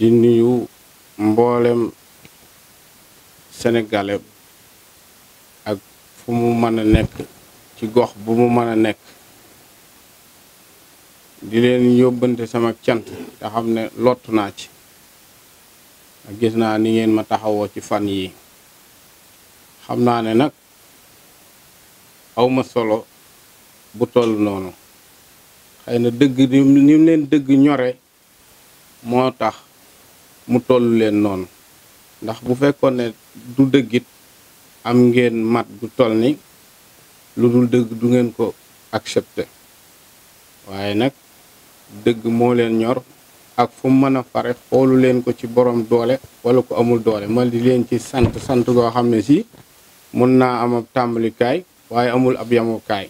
di nuyu mboolem senegale ak fu mu mën a nekk ci gox bu mu mën a nekk di leen yóbbante sama cant te xam ne lottu naa ci ak gis naa ni ngeen ma taxawoo ci fan yi xam naa ne nag awma solo bu toll noonu xëy na dëgg ni mu leen dëgg ñore moo tax mu toll leen noonu ndax bu fekkoon ne du dëggit am ngeen mat gu tol ni lu dul dëgg du ngeen ko accepté waaye nag dëgg moo leen ñor ak fu mën a fare xoolu leen ko ci borom doole wala ko amul doole ma di leen ci sant sant goo xam ne si mun naa am ab tàmbalikaay waaye amul ab yamukaay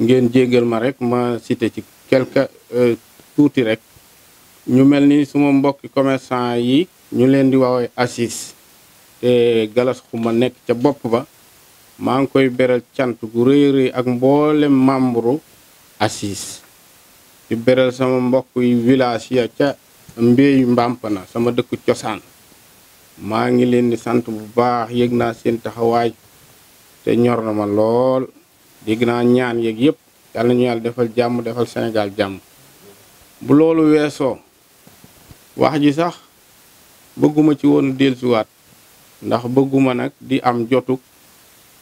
ngeen jéggal ma rek ma cité ci quelque euh, tuuti rek ñu mel ni suma mbokki commerçant yi ñu leen di woowee ACIS te Galas Xuma nekk ca bopp ba maa ngi koy beral cant gu rëy a ak mboole membre asis di beral sama mbokk yi village ya ca mbàmp na sama dëkku cosaan maa ngi leen di sant bu baax yëg naa seen taxawaay te ñor na ma lool dégg naa ñaan yeeg yépp yàlla ñu yàlla defal jàmm defal senegaal jàmm bu loolu weesoo wax ji sax bëgguma ci woon dellusiwaat ndax bëgguma nag di am jotuk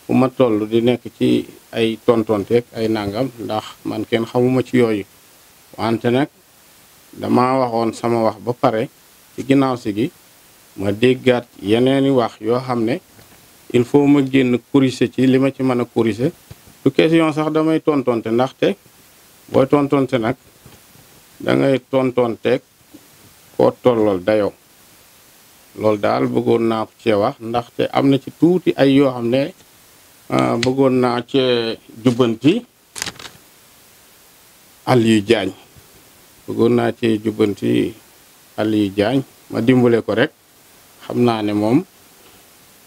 fu ma toll di nekk ci ay tontonteeg ay nangam ndax man kenn xamuma ci yooyu wante nag dama waxoon sama wax ba pare ci ginnaaw si gi ma déggaat yeneeni wax yoo xam ne il faut ma génn corriger ci li ma ci mën a corriger du question sax damay tontonte ndaxte booy tontonte nag da ngay tontonteeg koo tollal dayoo loolu daal bëggoon naa ko cee wax ndaxte am na ci tuuti ay yoo xam ne ah, bëggoon naa cee jubbanti yu Diagne bëggoon naa cee jubbanti yu Diagne ma dimbale ko rek xam naa ne moom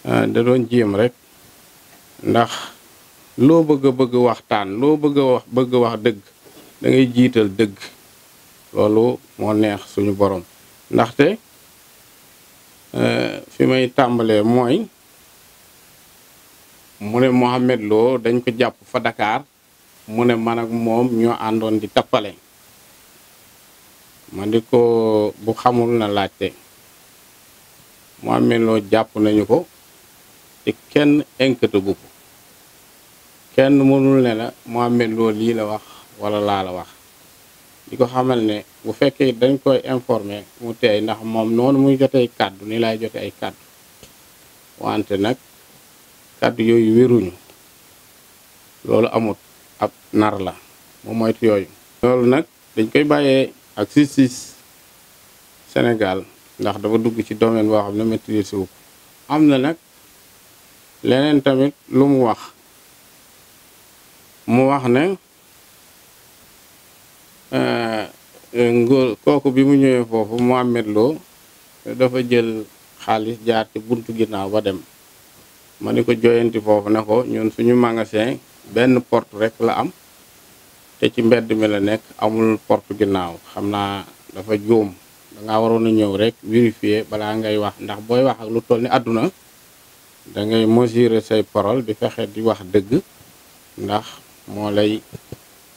ah, da doon jéem rek ndax loo bëgg bëgg waxtaan loo bëgg wax bëgg wax dëgg da jiital dëgg loolu moo neex suñu boroom ndaxte euh, fi may tàmbalee mooy mune ne Mohamed dañ ko jàpp fa Dakar mu ne man moom ñoo àndoon di tappale man ko bu xamul na laajte Mohamed Lo jàpp nañu ko te kenn enquête bu ko kenn mënul ne la Mohamed Lo lii la wax wala laa la wax di ko xamal ne bu fekkee dañ koy informer mu teey ndax moom noonu muy jotee kàddu ni lay jote ay kàddu wante nag kàddu yooyu wéruñu loolu amut ab nar la moom moytu yooyu loolu nag dañ koy bàyyee ak justice Sénégal ndax dafa dugg ci domaine boo xam ne maîtrise wu am na nag leneen tamit lu mu wax mu wax ne Euh, euh, ngóor kooku bi mu ñëwee foofu Mohamed Lo dafa jël xaalis jaar ci buntu ginnaaw ba dem ma ni ko joyanti foofu ne ko ñun suñu magasin benn porte rek la am te ci mbedd mi la nekk amul porte ginnaaw xam naa dafa juum danga waroon a ñëw rek vérifier balaa ngay wax ndax booy wax ak lu toll ni àdduna da ngay mesurer say parole di fexe di wax dëgg ndax moo lay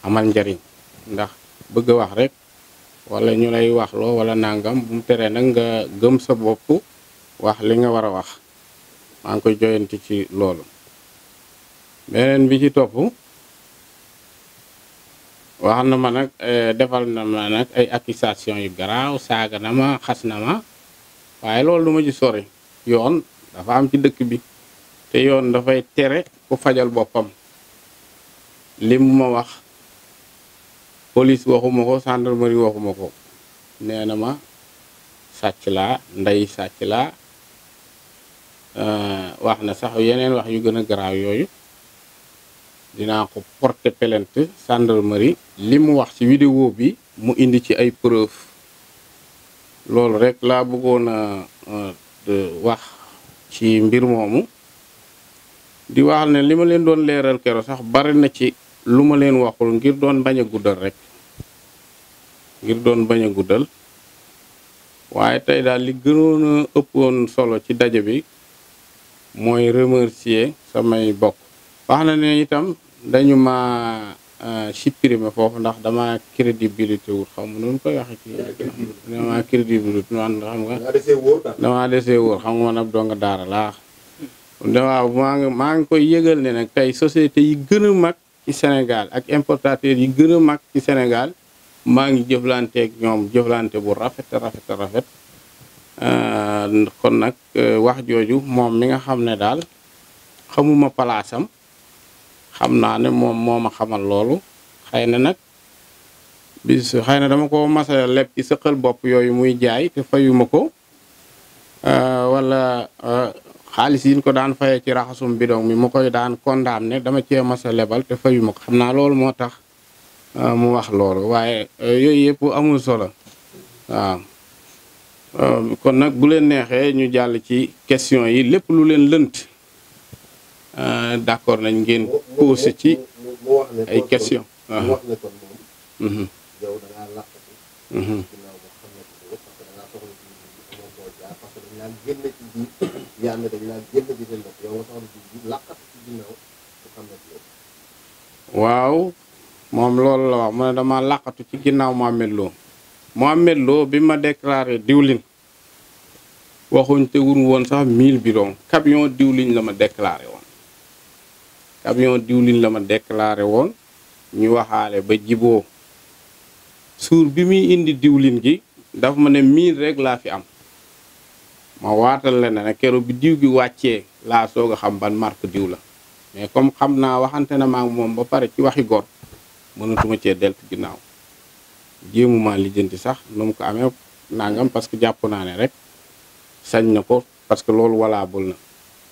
amal njariñ ndax bëgg a wax rek walla ñu lay waxloo wala nangam bu mu teree nag nga gëm sa bopp wax li nga war a wax maa ngi koy joyanti ci loolu beneen bi ci topp wax na ma nag eh, defal na ma nag ay accusation yu garaaw saaga na ma xas na ma waaye loolu du ma ci sori yoon dafa am ci dëkk bi te yoon dafay tere ku fajal boppam li mu ma wax police waxuma ko gendarmerie waxuma ko nee na ma sàcc la ndey sàcc la euh, wax na sax yeneen wax yu gën a garaaw yooyu dinaa ko porter plainte gendarmerie li mu wax ci vidéo bi mu indi ci ay preuve loolu rek laa bëggoon a wax ci mbir moomu di wax ne li ma leen doon leeral kero sax bari na ci lu ma leen waxul ngir doon bañ a guddal doon bañ waaye tey daal li gënoon a ëppoon solo ci daje bi mooy remercier samay bokk wax na ne itam dañu ma euh, supprimer foofu ndax dama crédibilité wut xaw ma noonu koy waxe ci dama crédibilité man xam nga dama desee wóor xam nga man ab doo maa ngi koy yëgal ne nag tey société yi gën a mag ci Sénégal ak importateurs yi gën a mag ci Sénégal maa ngi jëflanteeg ñoom jëflante bu rafet rafet rafet euh, kon nag euh, wax jooju moom mi nga xam ne daal xamuma palaasam xam naa ne moom moo ma xamal loolu xëy na nag bis xëy na dama ko masa leb ci sëqal bopp yooyu muy jaay te fayuma ko euh, wala xaalis yi ko daan fayee ci raxasum bidon mi mu koy daan ne dama cee ma a lebal te fayu ma ko xam naa loolu moo tax euh, mu wax loolu waaye euh, yooyu yëpp amul solo waaw euh, kon nag bu leen neexee ñu jàll ci question yi lépp lu leen lënt d'accord nañ ngeen posé ci ay question génn waaw moom loolu la wax mu ne dama làqatu ci ginnaaw Mohamed Lo Mohamed Lo bi ma déclaré diwlin waxuñ te wur woon sax 1000 bidon camion diwlin la ma déclaré woon camion diwlin la ma déclaré woon ñu waxaale ba jiboo suur bi muy indi diwlin gi daf ma ne 1000 rek laa fi am ma waatal la ne ne keroog bi diw bi wàccee laa soog a xam ban marque diw la mais comme xam naa waxante na maak moom ba pare ci waxi gor mënatuma cee deltu ginnaaw jéemuma lijjanti sax nu ko amee nangam parce que jàpp naa ne rek sañ na ko parce que loolu walaabul na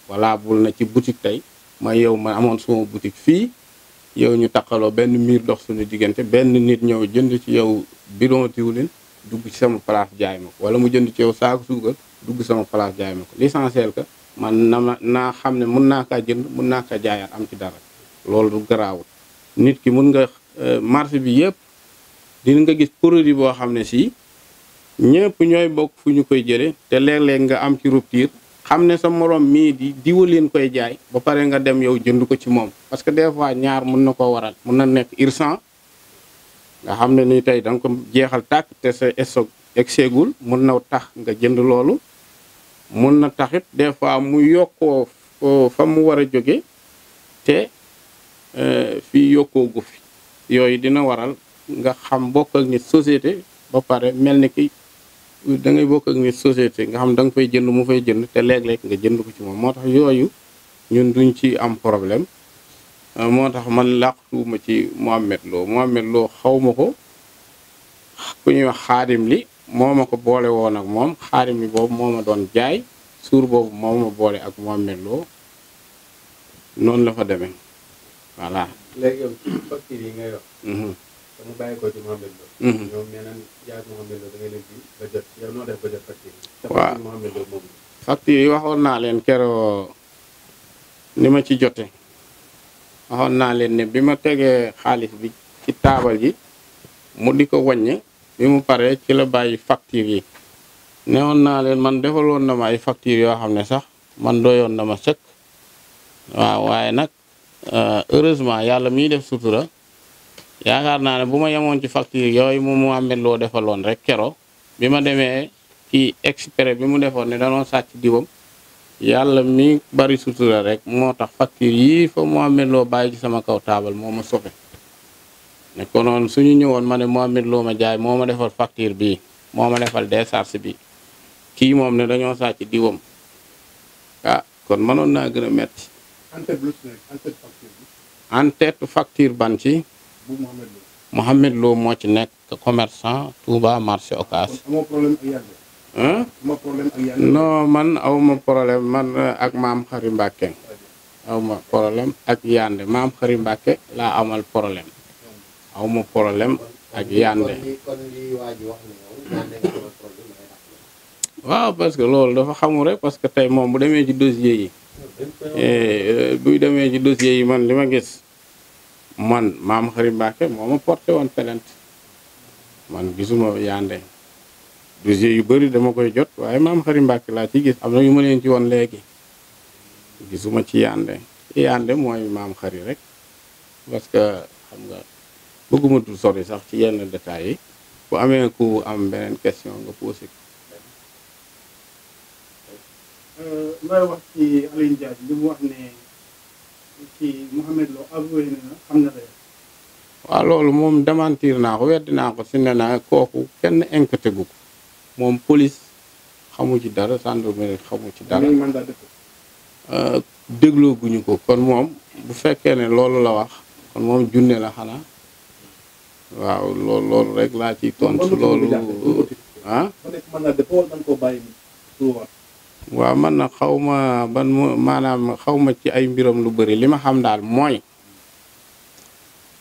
walaabul na ci boutique tey ma yow ma amoon suma boutique fii yow ñu taqaloo benn miir dox suñu diggante benn nit ñëw jënd ci yow bidon diwlin dugg ci sama place jaay ma wala mu jënd ci yow saaku suukar dugg sama place jaay ma ko l'essentiel ka man na naa xam ne mun naa kaa jënd mun naa kaa jaayaan am ci dara loolu du garaawul nit ki mun nga euh, marché bi yëpp dina nga gis produit boo xam ne si ñëpp ñooy bokk fu ñu koy jëlee te léeg-léeg nga am ci rupture xam ne sa morom mii di diwa leen koy jaay ba pare nga dem yow jënd ko ci moom parce que des fois ñaar mun na ko waral mun na nekk urgent nga xam ne ni tey danga ko jeexal tàkk te sa stock egseegul mun na tax nga jënd loolu mun na taxit des fois mu yokkoo euh, fa mu war a jóge te euh, fii yokkoogu fi yooyu dina waral nga xam bokk ak nit société ba pare mel ni ki dangay ngay bokk ak nit société nga xam danga nga fay jënd mu fay jënd te léeg-léeg nga jënd ko ci moom moo tax yooyu ñun duñ ci am problème euh, moo tax man làqtuuma ci Mohamed Lo mu Lo xaw ma ko ku ñuy wax xaadim li moo ma ko boole woon ak moom xaarim mi boobu moo ma doon jaay suur boobu moom ma boole ak moom meloo noonu la fa demee voilà. léegi yow facture yi mhm. mhm. ngay wax. te waaw Mohamed waxoon naa leen keroo ni ma ci jote waxoon naa leen ne bi ma tegee xaalis bi ci taabal ji mu di ko wàññi. bi mu paree ci la bàyyi facture yi newoon naa leen man defaloon na ma ay facture yoo xam ne sax man doyoon na ma sëkk waaw waaye nag euh, heureusement yàlla miy def sutura yaakaar naa ne bu ma yemoon ci facture yooyu moom Mouhamed Lo defaloon rek keroo bi ma demee ci exprès bi mu defoon ne danoo sàcc diwam yàlla mi bari sutura rek moo tax facture yii fa Mouhamed Lo bàyyi ci sama kaw taabal moo ma sofe ne ko noonu suñu ñëwoon ma ne Mohamed loo ma jaay moo ma defal facture bi moo ma defal décharge bi kii moom ne dañoo sàcc diwam ah kon mënoon naa gën a metti en tête facture ban ci Mohamed Lo moo ci nekk commerçant Touba marché Ocass non man awma problème man ak maam xari Mbàkke awma problème ak yande maam xari Mbàkke laa amal problème awma poroblème ak yande waaw parce que loolu dafa xamul rek parce que tey moom bu demee ci dossier yi eh, buy demee ci dossier yi man li ma gis man maam xari Mbàkke moo ma porté woon plainte man gisuma yande dossier yu bëri dama koy jot waaye maam xari Mbàkke laa ci gis am na yu ma leen ci woon léegi gisuma ci yande yande mooy maam xari rek parce que xam nga bëgguma dul sori sax ci yenn détails yi bu amee ko am beneen question nga posé ko. Euh, la. waaw loolu moom démentir naa ko weddi naa si ne kooku kenn inquiété gu ko moom police xamu ci dara gendarmerie xamu ci dara. Euh, dégloo guñu ko kon moom bu fekkee ne loolu la wax kon moom junne la xanaa. waaw loolu loolu rek laa ci tontu loolu ah waaw man na xaw ma ban maanaam xaw ci ay mbiram lu bari li ma xam daal mooy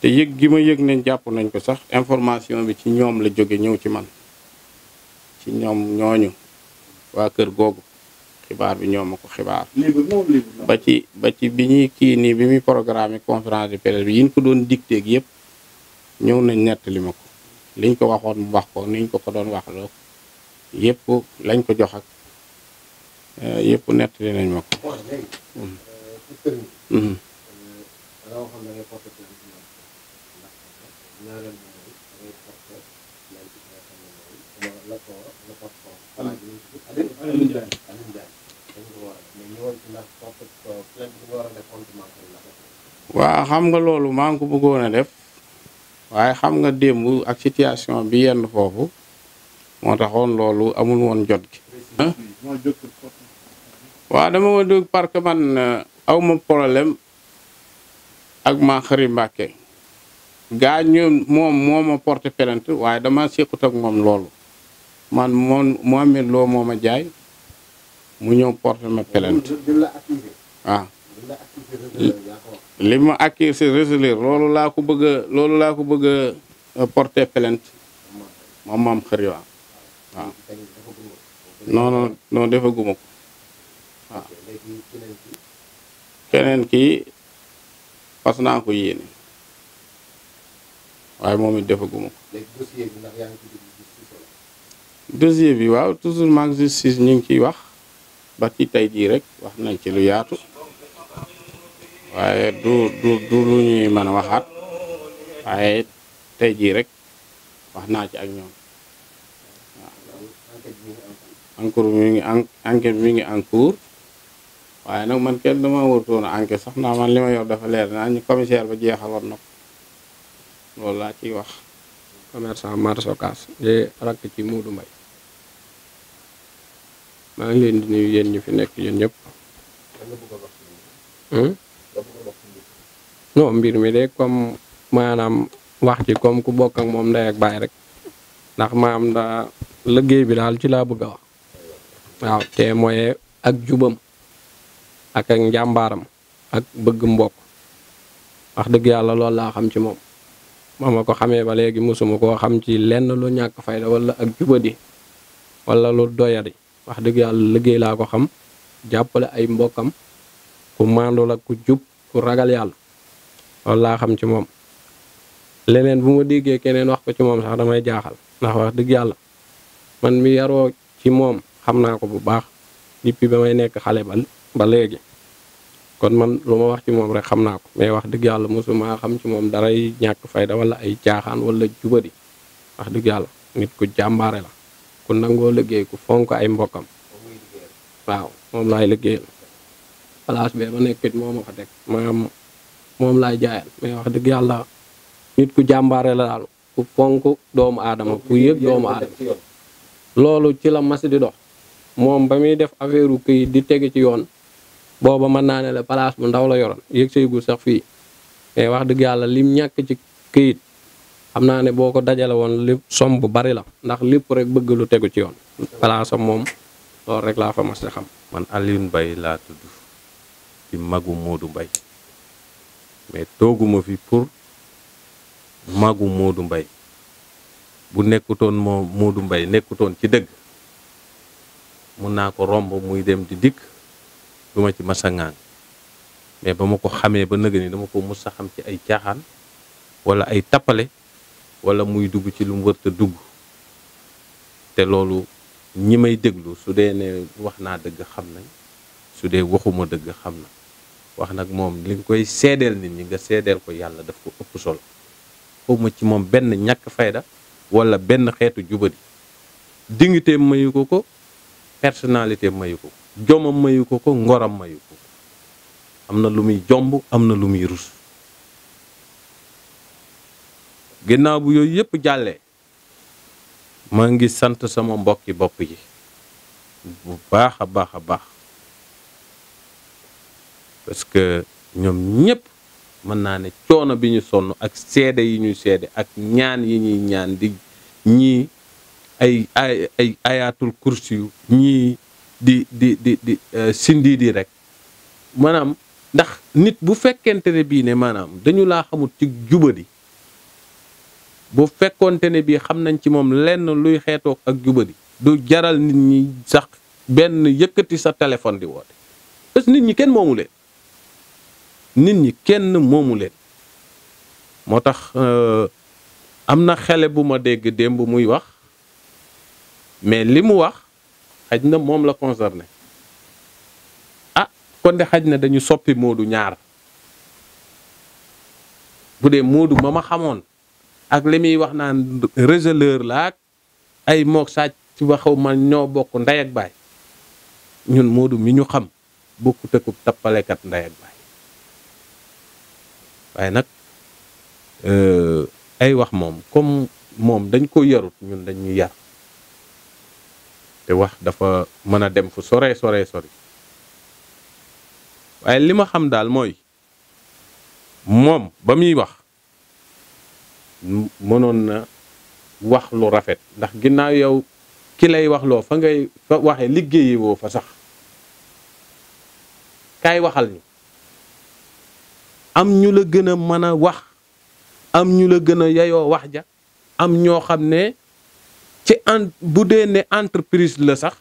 te yëg gi ma yëg ne jàpp nañ ko sax information bi ci ñoom la jóge ñëw ci man ci ñoom ñooñu waa kër googu xibaar bi ñoom ma ko xibaar ba ci ba ci bi ñuy kii nii bi muy programme conférence de presse bi yin ko doon dicté gi yëpp ñëw nañ nettali ma ko liñ ko waxoon mu wax ko niñ ko ko doon wax loo yëpp lañ ko jox ak euh, nañ ma waaw xam nga loolu maa ngi ko bëggoon a def. waaye xam nga démb ak situation bi yenn foofu moo taxoon loolu amul woon jot gi waaw dama ma dugg parce que man euh, aw ma problème ak maa xëri Mbàkke gaa ñu moom moo ma porté plainte waaye dama séqut ak moom loolu man moom Mohamed Lo moo ma jaay mu ñëw porté ma plainte waaw li ma acquis si receleur loolu laa ko bëgg loolu laa ko bëgg a euh, porter plainte moom maam xëri waaw waaw defaguma ko waaw keneen kii fas naa ko yéene waaye moom it defaguma ko dossier bi waaw toujours maag justice ñu ngi ciy wax ba ci tey jii rek wax nañ ci lu yaatu waaye du du du lu ñuy mën a waxaat waaye tey jii rek wax naa ci ak ñoom waaw. encours mi ngi enquête mi ngi en cours waaye nag man kenn dama wërtoon enquête sax naa man li ma yor dafa leer naa ñu commissaire ba jeexal woon na loolu laa ciy wax. commerçant Mar Sokas di rakk ci Moodu Mbay maa ngi leen di nuyu yéen ñu fi nekk yéen ñëpp. non mbir mi de comme maanaam wax ci comme ku bokk ak moom ndey ak baay rek ndax maam daa liggéey bi daal ci laa bëgg a wax waaw te mooy ak jubam ak ak njàmbaaram ak bëgg mbokk wax dëgg yàlla lool laa xam ci moom ma ma ko xamee ba léegi mosuma koo xam ci lenn lu ñàkk fayda wala ak jubadi walla lu doyadi wax dëgg yàlla liggéey laa ko xam jàppale ay mbokkam ku maandu la ku jub ku ragal yàlla loolu laa xam ci moom leneen bu ma déggee keneen wax ko ci moom sax damay jaaxal ndax wax dëgg yàlla man mi yaroo ci moom xam naa ko bu baax depuis ba may nekk xale ba ba léegi kon man lu ma wax ci moom rek xam naa ko may wax dëgg yàlla mosuma xam ci moom daray ñàkk fayda wala ay caaxaan wala jubadi wax dëgg yàlla nit ku jàmbaare la ku nangoo liggéey ku fonk ay mbokkam waaw moom laay liggéeyal palaas bee ma nekk it moo ma fa teg maanaam moom laay jaayal mais wax dëgg yàlla nit ku jàmbaare la daal ku fonk doomu aadama ku yëg doomu aadama loolu ci la mas di dox moom ba muy def affaire këyit di tege ci yoon booba mën naa ne la place bu ndaw la yoroon yëg seegul sax fii mais wax dëgg yàlla lim ñàkk ci këyit xam naa ne boo ko dajale woon lépp som bu bari la ndax lépp rek bëgg lu tegu ci yoon place am moom loolu rek laa fa mas di xam ci magu Modou mbay mais tooguma fi pour magu Modou mbay bu nekkutoon moo Modou Mbaye nekkutoon ci dëgg mun naa ko romb muy dem di dikk du ma ci masangaan mais ba ma ko xamee ba nëga ni dama ko mës sa xam ci ay caaxaan wala ay tappale wala muy dugg ci lu mu dugg te loolu ñi may déglu su dee nee wax naa dëgg xam na su dee waxuma dëgg xam na wax nag moom li nga koy seedeel nit ñi nga seddeel ko yàlla daf ko ëpp solo xawma ci moom benn ñàkk fayda wala benn xeetu jubadi dignité mayu ko ko personnalité mayu ko jomam mayu ko ko ngoram mayu ko am na lu muy jomb am na lu muy rus ginnaaw bu yooyu yëpp jàllee ma ngi sant sama mbokki bopp yi bu baax a baax a baax parce que ñoom ñëpp mën naa ne coono bi ñu sonn ak seede yi ñuy seede ak ñaan yi ñuy ñaan di ñii ay ay ayaatul ayatul yu ñii di di di di euh, sindi di rek maanaam ndax nit bu fekkente ne bii ne maanaam dañu laa xamut ci jubadi bu fekkonte ne bii xam nañ ci moom lenn luy xeetoog ak jubadi du jaral nit ñi sax benn yëkkati sa téléphone di woote parce nit ñi kenn moomu leen nit ñi kenn moomu leen moo tax euh, am na xele bu ma dégg démb muy wax mais li mu wax xaj na moom la conserné ah kon de xaj na dañu soppi moodu ñaar bu dee moodu ma ma xamoon ak li muy wax naan régeleur la ak ay moog sàcc ba xaw ma ñoo bokk ndey ak baay ñun moodu mi ñu xam bokku tëkkub tappalekat ndey ak baay waaye nag euh, ay wax moom comme moom dañ ko yarut ñun dañ ñu yar te wax dafa mën a dem fu sore sore sori waaye li ma xam daal mooy moom ba muy wax mënoon na wax lu rafet ndax ginnaaw yow ki lay wax loo fa ngay fa waxee liggéeyi woo fa sax kaay waxal ñu am ñu la gën a mën a wax am ñu la gën a yayoo wax ja am ñoo xam ne ci en bu dee ne entreprise la sax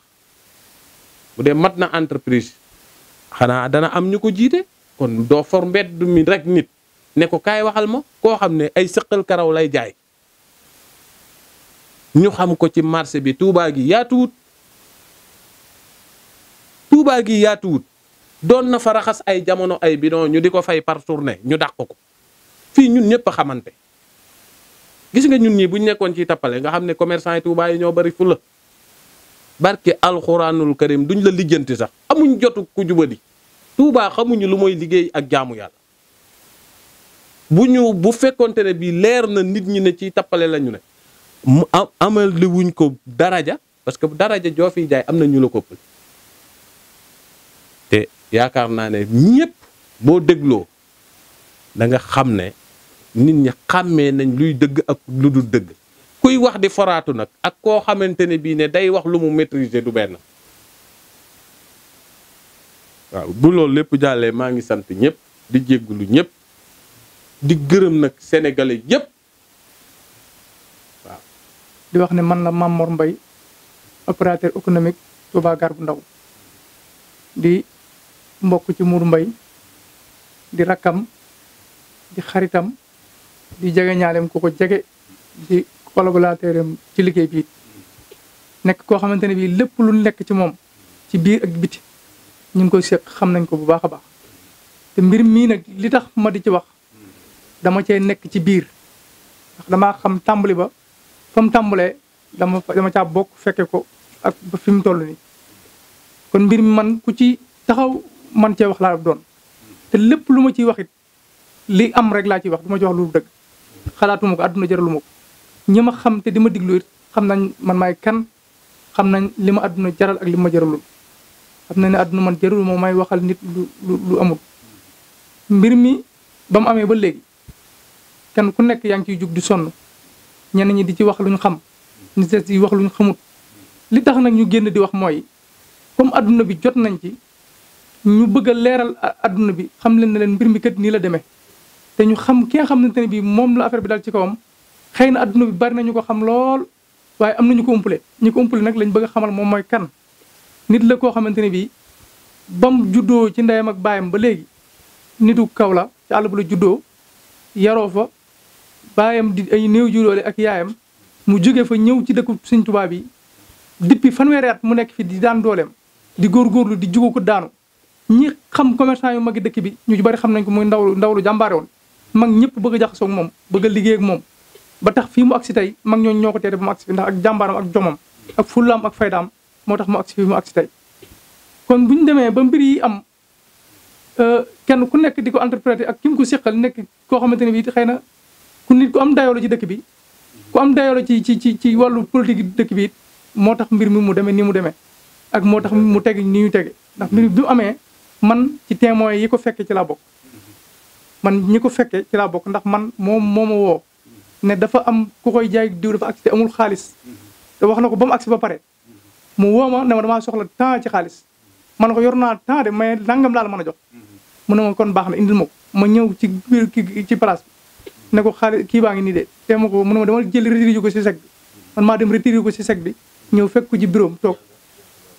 bu dee mat na entreprise xanaa dana am ñu ko jiite kon doo for mi rek nit ne ko kaay waxal ma koo xam ne ay sëqal karaw lay jaay ñu xam ko ci marché bi tuubaa gi yaatuwut Touba gi yaatuwut doon na fa raxas ay jamono ay bidon ñu di ko fay par tournée ñu dàq ko fii ñun ñëpp xamante gis nga ñun ñii bu ñu nekkoon ciy tappale nga xam ne commerçant yi Tuubaa yi ñoo bari fu la barke alxuraanul duñ la lijjanti sax amuñ jotu ku jubadi Tuubaa xamuñu lu mooy liggéey ak jaamu yàlla bu ñu bu fekkonte ne bii leer na nit ñi ne ci tappale la ñu ne amal li wuñ ko daraja parce que daraja joo fiy jaay am na ñu la ko ëppal yaakaar naa ne ñépp boo dégloo da nga xam ne nit ñi xàmmee nañ luy dëgg ak lu dul dëgg kuy wax di foraatu nag ak koo xamante ne bii ne day wax lu mu maîtriser du benn waaw bu loolu lépp jàllee maa ngi sant ñépp di jéggulu ñëpp di gërëm nag sénégalais yëpp waaw di wax ne man la Mame Mor Mbaye opérateur économique Touba bu Ndaw mbokk ci Mour Mbaye di rakkam di xaritam di jege ñaaleem ku ko jege di collaborateur ci liggéey bi nekk koo xamante ne bii lépp lu nekk ci moom ci biir ak biti ñu ngi koy seq xam nañ ko bu baax a baax te mbir mii nag li tax ma di ci wax dama cee nekk ci biir ndax damaa xam tàmbali ba fa mu tàmbalee dama dama caa bokk fekke ko ak ba fi mu toll nii kon mbir man ku ci taxaw man cee wax laa doon te lépp lu ma ciy wax it li am rek laa ciy wax du ma ci wax lu dëgg xalaatuma ko àdduna jaralu ma ko ñi ma xam te di ma diglu it xam nañ man maay kan xam nañ li ma àdduna jaral ak li ma jaralul xam nañ ne àdduna man jarul moom may waxal nit lu lu amul mbir mi ba mu amee ba léegi kenn ku nekk yaa ngi ciy jug di sonn ñenn ñi di ci wax luñ xam ñi seet di wax luñ xamut li tax nag ñu génn di wax mooy comme àdduna bi jot nañ ci ñu bëgg a leeral adduna bi xam leen ne leen mbir mi kat nii la demee te ñu xam ki nga xamante ne bii moom la affaire bi daal ci kawam xëy na adduna bi bari na ñu ko xam lool waaye am na ñu ko umpale ñu ko umpale nag lañ bëgg xamal moom mooy kan. nit la koo xamante ne bii bam juddoo ci ndeyam ak baayam ba léegi nitu kaw la ci àll bu la juddoo yaroo fa baayam di ay néew judoole ak yaayam mu jóge fa ñëw ci dëkku Sëñ tubaab yi depuis fanweeri at mu nekk fi di daan dooleem di góorgóorlu di jugu ko daanu. ñi xam commerçant yu mag dëkk bi ñu ci bari xam nañ ko muy ndaw ndaw lu jàmbaare woon mag ñëpp bëgg a jaxasoo moom bëgg liggéey ak moom ba tax fii mu agsi tey mag ñooñu ñoo ko teete ba mu agsi fi ak jàmbaaram ak jomam ak fullaam ak faydaam moo tax mu agsi fii mu kon bu ñu demee ba mbir yi am euh, kenn ku nekk di ko interpréter ak kim ko seqal nekk koo xamante ne bi xëy na ku nit ku am dayoo ci dëkk bi ku am dayoo ci ci ci ci wàllu politique dëkk bi moo tax mbir mi mu demee ni mu demee ak moo tax mu teg ni ñu tege ndax mbir amee man ci témoins yi ko fekkee ci laa bokk man ñi ko fekkee ci laa bokk ndax man moom moo ma woo ne dafa am ku koy jaay diw dafa agsi te amul xaalis te wax na ko ba mu agsi ba pare mu woo ma ne ma damaa soxla temps ci xaalis ma ne ko yor naa temps de mais nangam laa a jox mu ne ma kon baax na indil ma ko ma ñëw ci biir ci place bi ko xaalis kii baa ngi nii de te ma ko mu ne ma dama jël retiré ko si sec bi man maa dem retiré ko si sec bi ñëw fekk ko ci bureau toog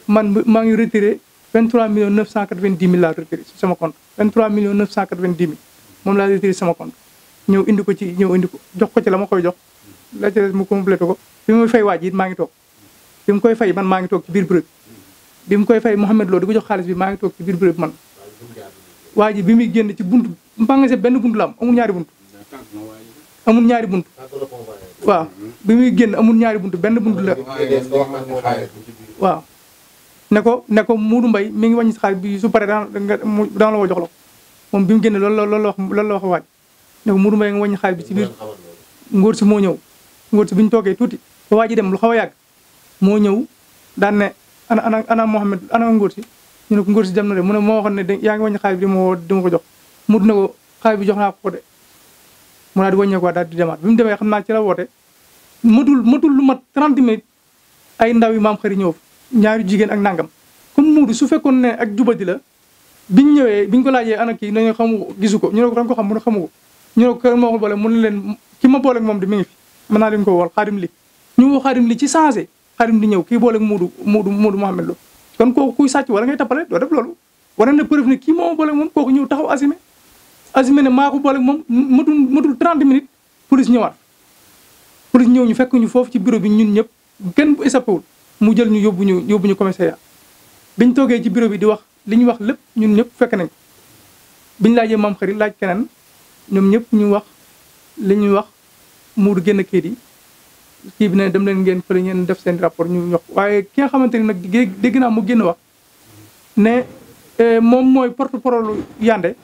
man maa ngi retiré 23 millions 990 mille laa retiré si sama compte 23 millions 990 mille moom laa retiré sama compte ñëw indi ko ci ñëw indi ko jox ko ci la ma koy jox la ca des mu complété ko bi muy fay waaj it maa ngi toog bi mu koy fay man maa ngi toog ci biir bureau bi bi mu koy fay Mouhamed Lo di ko jox xaalis bi maa ngi toog ci biir bureau bi man waa ji bi muy génn ci bunt mbangase benn bunt la am amul ñaari bunt amul ñaari bunt waaw bi muy génn amul ñaari bunt benn bunt la waaw ne ko ne ko Moodu Mbay mi ngi wàññi sa xaalis bi su paree daan daan la woo jox la ko moom mu génne loolu la loolu la wax loolu la wax waaj ne ko Moodu Mbay nga wàññi xaalis bi si biir ngóor si moo ñëw ngóor si bi ñu toogee tuuti ba waa ji dem lu xaw a yàgg moo ñëw daan ne ana ana ana Mohamed ana ngóor si ñu ne ko ngóor si dem na de mu ne moo waxoon ne yaa ngi wàññi xaalis bi di ma woo di ma jox Moodu ne ko xaalis bi jox naa ko de mu daal di wàññeeku waat daal di demaat bi mu demee xam naa ci la woote matul matul lu mat 30 minutes ay ndaw yi maam xëri ñëw ñaari jigéen ak nangam comme Moodu su fekkoon ne ak jubadi la biñ ñëwee biñ ko laajee ana kii nañu xamu ko gisu ko ñu ne ko da ko xam mu ne xamu ko ñu ne ko kër moo ko leen ki ma boole moom di mi ngi fi mën naa leen ko wol xaadim li ñu woo xaadim li ci changé xaadim li ñëw kii boole ak Moodu Moodu Moodu Mohamed Lo kon kooku kuy sàcc wala ngay tappale doo def loolu wane na preuve ne kii moo boole ak moom kooku ñëw taxaw assumé assumé ne maa ko boole ak moom matul matul 30 minutes police ñëwaat police ñëw ñu fekk ñu foofu ci bureau bi ñun ñëpp kenn bu échappé mu jël ñu yóbbu ñu yóbbu ñu commissariat biñ toogee ci bureau bi di wax li ñu wax lépp ñun ñëpp fekk nañ biñ laajee maam xarit laaj keneen ñoom ñëpp ñu wax li ñuy wax muur génn kayit yi kii bi ne dem leen ngeen fële ngeen def seen rapport ñu wax waaye ki nga xamante ni nag dégg naa mu génn wax ne eh, moom mooy porte parole Yandé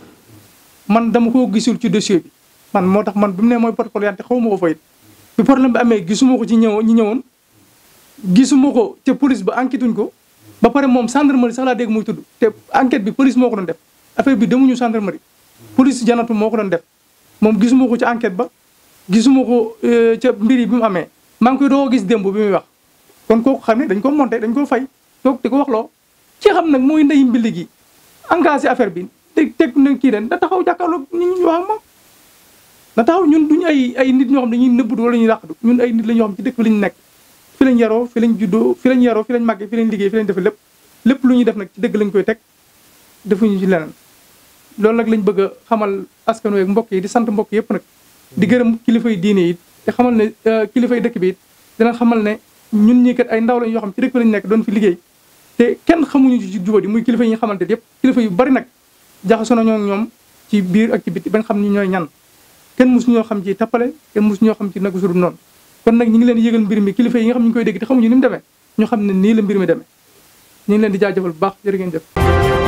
man dama koo gisul ci dossier bi man moo tax man bi mu ne mooy porte parole Yandé xaw ma ko fa it bi problème bi amee gisuma ko ci ñëw ñi ñëwoon gisuma ko ca police ba enquête wuñ ko ba pare moom gendarmerie sax laa dégg muy tudd te enquête bi police moo ko doon def affaire bi demuñu gendarmerie police janatu moo ko doon def moom gisuma ko ci enquête ba gisuma ko euh, ca mbir yi bi mu amee maa ngi koy doo gis démb bi muy wax kon kooku xam ne dañ koo monté dañ ko fay toog di ko wax loo ci xam nag mooy ndeyu mbili gi engagé affaire bi te teg na kii ren da taxaw jàkkaarloog ñu ñu wax moom da taxaw ñun duñu ay ay nit ñoo xam ne dañuy nëbbut wala ñuy làqatu ñun ay nit la ñoo xam ci dëkk la ñu nekk fi lañ yaroo fi lañ juddoo fi lañ yaroo fi lañ màggee fi lañ liggéey fi lañ defe lépp lu ñuy def nag ci dëgg lañ koy teg defu ñu ci leneen loolu nag lañ bëgg a xamal askan ak mbokk yi di sant mbokk yëpp nag di gërëm kilifa yi diine yi te xamal ne euh, kilifa yi dëkk bi it dina ne ñun ñii kat ay ndaw lañ yoo xam ci dëkk bi nekk doon fi liggéey te kenn xamuñu ci jubadi muy kilifa yi ñu xamante yëpp kilifa yu bari nag jaxasoo nañoo ak ñoom ci biir ak ci biti bañ xam ni ñooy ñan kenn mosu ñoo xam ci tappale kenn mosu ñoo xam ci nag sudul noonu kon nag ñi ngi leen yëgal mbir mi kilifa yi nga xam ñu ngi koy dégg te xamuñu ni mu demee ñu xam ne nii la mbir mi deme ñu leen di jaajëfal bu baax jërë ngeen jëf